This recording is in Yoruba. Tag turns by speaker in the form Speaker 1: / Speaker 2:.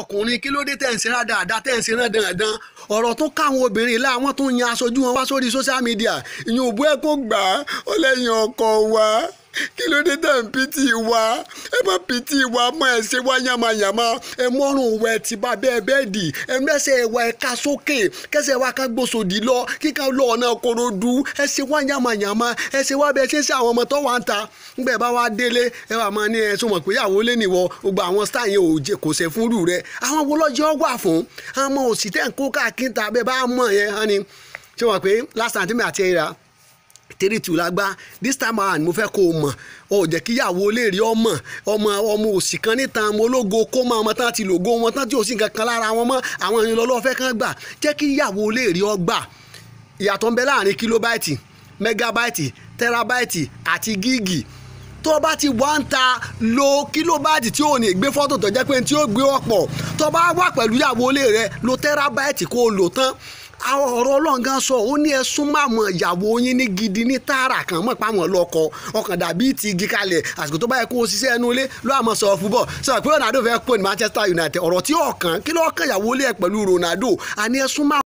Speaker 1: ọkùnrin kí ló dé tẹ̀ ń ṣe dáadáa tẹ̀ ń ṣe náà dandan ọ̀rọ̀ tó káwọn obìnrin là wọ́n tún yan aṣojú wọn wá sórí social media ìyẹn òbú ẹ̀ kó gbà á ó lẹ́yìn ọkọ wa. kí ló dé tẹ̀ ń pìtì wá ẹ má pìtì wá mọ́ ẹ ṣe wá yàmàyàmà ẹ mọ́rùn wẹ̀ tí bá ẹ lọ kíkà lọ ọ̀nà korodu ẹ ṣe wá yàmàyàmà ẹ ṣe wá bẹ́ẹ̀ ṣe ṣe àwọn ọmọ tó wà ń ta ńgbẹ́ bá wá délé ẹ wà máa ní pé rẹ àwọn wo wà fún àwọn ọmọ òsì ń kó káàkiri ta bá three tu la gbá this time around mo fẹ́ kó o mọ̀ ọ jẹ́ kí ìyàwó lè rí ọmọ ọmọ ọmọ òsì kan níta ọmọ ológo kó mọ ọmọ tán ti lògo wọn tán tí ò sí nǹkan kan lára wọn mọ́ àwọn ènìyàn lọ́lọ́fẹ́ kan gbà jẹ́ kí ìyàwó lè rí ọ gbà ìyàtọ̀ ń bẹ láàrin kílóbáìtì mẹgàbáìtì tẹ́rábáìtì àti gíìgì tó bá ti wá ń ta lo kílóbáàtì tí ò ní gbé fọ́tò tó jẹ́ pé tí ó gbé ọ̀pọ̀ tó bá wà pẹ̀lú ìyàwó ilé rẹ lo tẹ́rábáìtì kó o lò tán àwọn ọ̀rọ̀ ọlọ́run gan sọ ó ní ẹ súnmọ́ àwọn ìyàwó yín ní gidi ní tààrà kan mọ̀ páwọn lọ́kọ ọkàn dàbí ti igi kalẹ̀ àsìkò tó bá yẹ kó o ṣiṣẹ́ ẹnu ilé ló àmọ́ sọ fúbọ̀ sọ pé Ronaldo fẹ́ pò ní Manchester United ọ̀rọ̀ tí ọ̀kan kí lọ́ọ̀kan ìyàwó ilé ẹ̀ pẹ̀lú Ronaldo àní ẹ súnmọ́